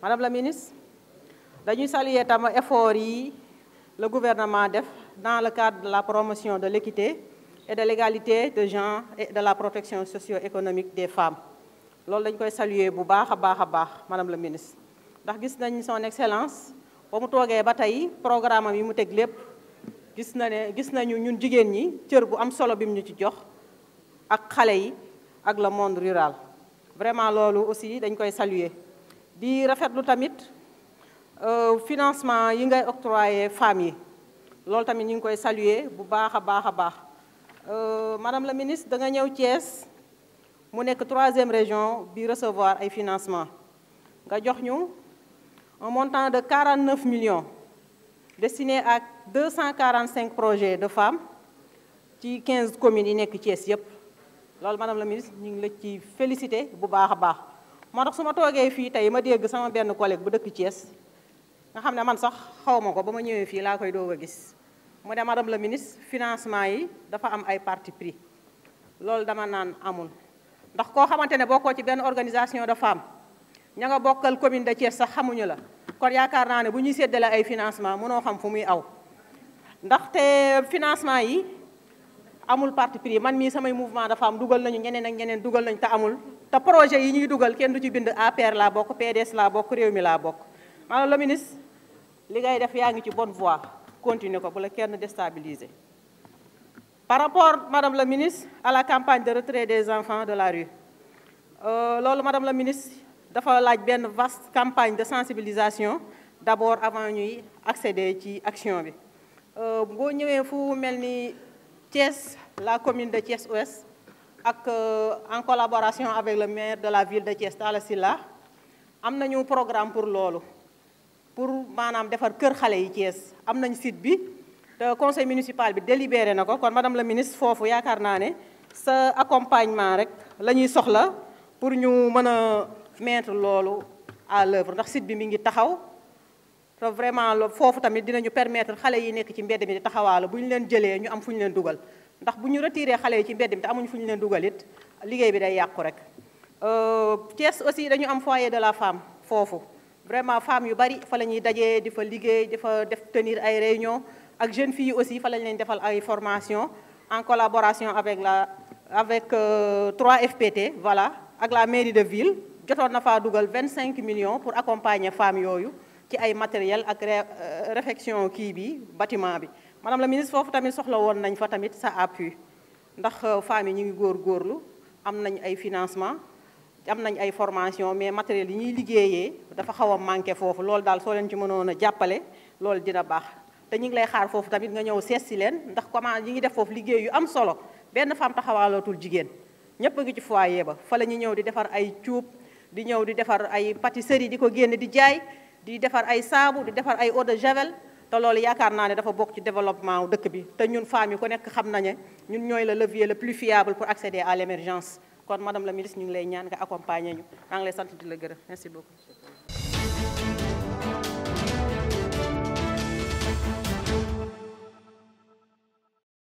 madame la ministre nous saluons avec effort le gouvernement def dans le cadre de la promotion de l'équité et de l'égalité de genre et de la protection socio-économique des femmes Nous saluons koy saluer bu madame la ministre ndax gis son excellence pour mu toogee programme de yi mu teg lépp gis na ne gis nañu ñun le monde rural vraiment loolu aussi dañ di rafetlu tamit euh, financement yi ngay octroyé femmes yi loolu tamit ñing koy saluer bu baaxa baaxa baax euh madame la ministre da nga ñew Thiès mu nekk troisième région bi recevoir ay financement nga jox ñu un montant de 49 millions destiné à 245 projets de femmes ci 15 communes yi nekk Thiès yépp loolu madame la ministre ñing la ci féliciter bu baaxa baax moo tax su ma toogee fii tey ma dégg sama benn collègue bu dëkk Thiès nga xam ne man sax xaw ma ko ba ma ñëwee fii laa koy doog a gis mu dem madame la ministre financement yi dafa am ay parti pris loolu dama naan amul ndax koo xamante ne bokkoo ci benn organisation de femmes ña nga bokkal commune de Thiès sax xamuñu la kon yaakaar naa ne bu ñuy séddale ay financement mënoo xam fu muy aw ndax te financement yi amul parti pris man mii samay mouvement de femmes dugal nañu ñeneen ak ñeneen dugal nañu te amul le projet yi ñuy PDS ministre les gens bonne voie continuer pour déstabiliser. par rapport madame la ministre à la campagne de retrait des enfants de la rue euh, madame la ministre dafa laaj une vaste campagne de sensibilisation d'abord avant ñuy accéder action bi euh, la commune de Thiès Ouest ak euh, en collaboration avec le maire de la ville de Thiès Tala Silla am nañu programme pour lolu pour manam défar cœur xalé yi Thiès am nañ site bi le conseil municipal bi délibéré nako kon madame la ministre fofu yaakaar naa ce accompagnement rek lañuy soxla pour ñu mëna mettre lolu à l'œuvre ndax site bi mi ngi taxaw te vraiment fofu tamit dinañu permettre xalé yi nekk ci mbedd mi di taxawaalu leen jëlé ñu am fu leen duggal ndax buñu retirer xalé yi ci mbedd té amuñu fuñu leen dugal it liggéey bi day yàqu rek euh, Thiès aussi dañu am foyer de la femme fofu vraiment femme yu bari fa lañuy dajé difa di fa liggéey di def tenir ay réunion ak jeune filles aussi fa lañ leen defal ay formation en collaboration avec la avec 3FPT euh, voilà ak la mairie de ville jotone na faa dugal 25 millions pour accompagner femmes yoyu ci ay matériel ak euh, réfection ki bi bâtiment bi madame la ministre foofu tamit soxla woon nañ fa tamit sa appui ndax euh, femmes yi ñu ngi góor góorgóorlu am nañ ay financement am nañ ay formation mais matériel yi ñuy liggéeyee dafa xaw a manqué foofu loolu daal soo leen ci mënoon a jàppale loolu dina baax te ñu ngi lay xaar foofu tamit nga ñëw seet si leen ndax comment ñi ngi def foofu liggéey yu am solo benn femme taxawaalootul jigéen ñëpp ngi ci foyer ba fa la ñu ñëw di defar ay cuub di ñëw di defar ay pâtisserie di ko génne di jaay di defar ay saabu di defar ay eau de te yakarna yaakaar naa ne dafa bokk ci développement wu bi te ñun femmes yi ku nekk xam ñun le levier le plus fiable pour accéder à l'émergence quand kon madame la ministre ñu ngi lay ñaan nga accompagner ñu maa ngi lay sant di la merci beaucoup.